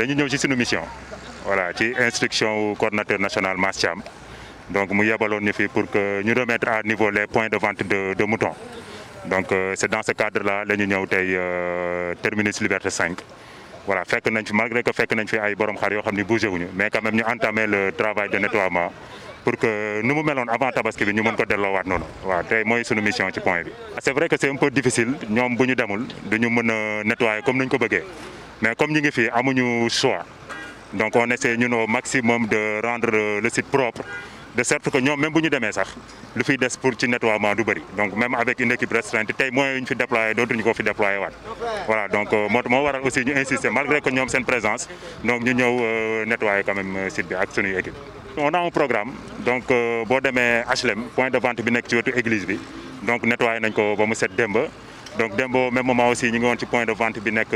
lañu ñëw ci suñu mission voilà ci instruction coordonnateur national Mass Thiam donc mu yebaloon ñu fi pour que ñu remettre à niveau les point de vente de de mouton donc euh, c' est dans ce cadre la ñu ñëw tey euh, terminus Liberté 5 voilà fekk nañ fi malgré que fekk nañ fi ay borom xar yoo xam ni bougé wuñu mais quand même ñu entamé le travail de nettoiement pour que nu mu meloon avant tabaski bi ñu mën ko delloowaat noonu waaw tey mooy sunu mission ci point bi. c' est vrai que c' est un peu difficile ñoom bu ñu demul comme ni ñu ko bëggee. mais comme ñu ngi fii amuñu choix donc on essaie ñun au maximum de rendre le site propre de sorte que ñoom même bu ñu demee sax lu fiy des pour ci nettoiement du bëri donc même avec une équipe restreinte tey moyens yu ñu fi déployé fi déployé waat voilà donc euh, moo moo waral aussi ñu insister malgré que ñoom seen présence donc ñu ñëw euh, nettoyé quand même euh, site bi ak suñuy équipe. on a un programme donc boo demee HLM point de vente bi nekk ci wetu église bi donc nettoyé nañ ko ba mu set démb donc démb au même moment aussi ñu ngi bi nekk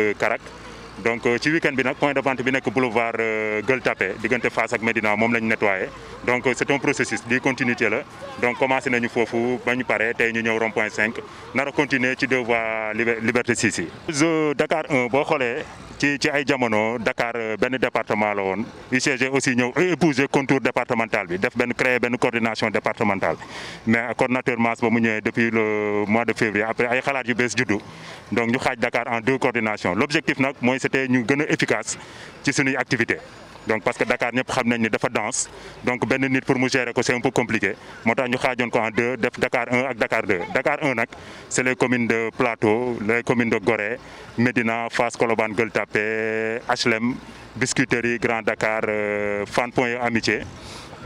donc euh, ci week-end bi nag point de vente bi nekk boulevard euh, Gueule Tapée diggante Fass ak Médina moom lañ nettoyé donc euh, c'est un processus di continuité la donc commencé nañu foofu ba ñu paree ñu ñëw rond point 5 nar continuer ci deux liberté 6 yi. Dakar 1 boo ci ci ay jamono Dakar euh, benn département la woon UCG aussi ñëw épouser contour départemental bi def benn créer benn coordination départementale mais coordinateur Mass ba mu ñëwee depuis le mois de février après ay xalaat yu bees juddu donc ñu xaaj Dakar en deux coordinations l'objectif nag mooy c'était ñu gën a efficace ci sunuy activité donc parce que dakaar ñëpp xam nañ ni dafa dense donc benn nit pour mu gérer ko c'est un peu compliqué moo tax ñu xaajon ko en deux def Dakar 1 ak Dakar 2 Dakar 1 nag c'est les commune de Plateau les communes de Gorée Médina Fass Colobane Gueule Tapée HLM Biscuiterie Grand Dakar euh, Fann Point E Amitié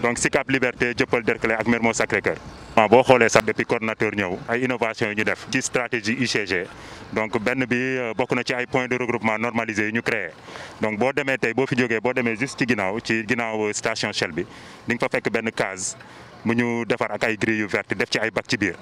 donc Sicap Liberté Dieuppeul Derklé ak Mermoz Sacré-Cœur ah boo xoolee sax depuis coordinateur ñëw ay innovation yi ñu def ci stratégie UCG donc benn bi euh, bokk na ci ay point de regroupement normalisé yi ñu créé donc boo demee tey bo fi jógee boo demee juste ci ginnaaw ci ginnaaw station Shell bi di nga fa fekk benn case mu ñu defar ak ay grilles yu verte def ci ay bac ci biir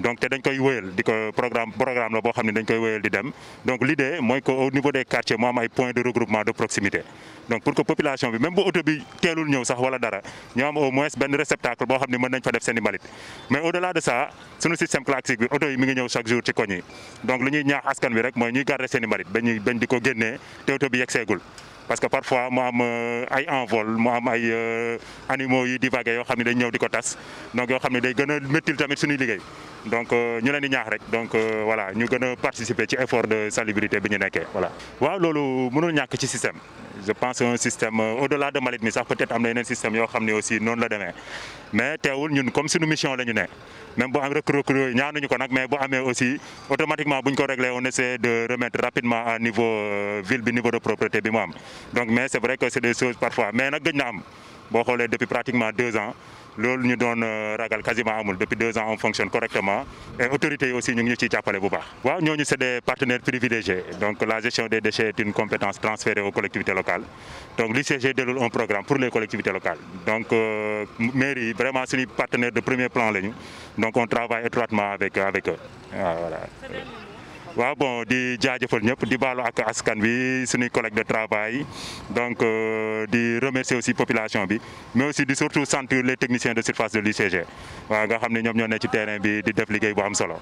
donc te dañ koy wëyal di ko programme programme la boo xam ne dañ koy wëyal di dem donc l' idée mooy que au niveau des quartiers mu am ay points de regroupement de proximité donc pour que population bi même bu oto bi teelul ñëw sax wala dara ñu am moins benn réceptacle boo xam ne mën nañ fa def seen i mbalit mais au delà de ça suñu système classique bi oto yi mi ngi ñëw chaque jour ci koñ yi donc li ñuy ñaax askan bi rek mooy ñuy garder seen i mbalit bañuy bañ di ko génnee te oto bi yegg seegul parce que parfois euh, ay envol mu am ay euh, animaux yoo xam ne dañ ñëw di ko tas donc yoo xam ne day gën a méttil tamit suñuy liggéey donc euh, ñu leen ñaax rek donc euh, voilà ñu gën a participer ci effort de salubrité bi ñu nekkee voilà. waaw loolu mënul ñàkk ci système je pense un système euh, au-delà de mbalit mi sax peut-être am na système yoo xam ne aussi noonu la demee mais teewul ñun comme suñu mission lañu ñu ne même bu am rek nag mais bu amee aussi automatiquement bu ñu ko réglé on essaie de remettre rapidement à niveau ville bi niveau de propreté bi mu am donc mais c'est vrai que c'est des choses parfois mais na am. boo xoolee depuis pratiquement deux ans loolu ñu doon euh, ragal quasiment amul depuis deux ans on fonctionne correctement et autorités yi aussi ñu ngi ñu ciy bu baax. waaw ñooñu c'est des partenaires privilégiés donc la gestion des déchets est une compétence transférée aux collectivités locales donc l'ICG déroule un programme pour les collectivités locales donc euh, mairie yi vraiment suñu partenaire de premier plan lañu donc on travaille étroitement waaw bon di jaajëfal ñëpp di baalu ak askan bi suñuy collègue de travail donc euh, di remercier aussi population bi mais aussi di surtout sant les techniciens de surface de l'UCG waaw nga xam ne ñoom ñoo ne ci terrain bi di def liggéey bu am solo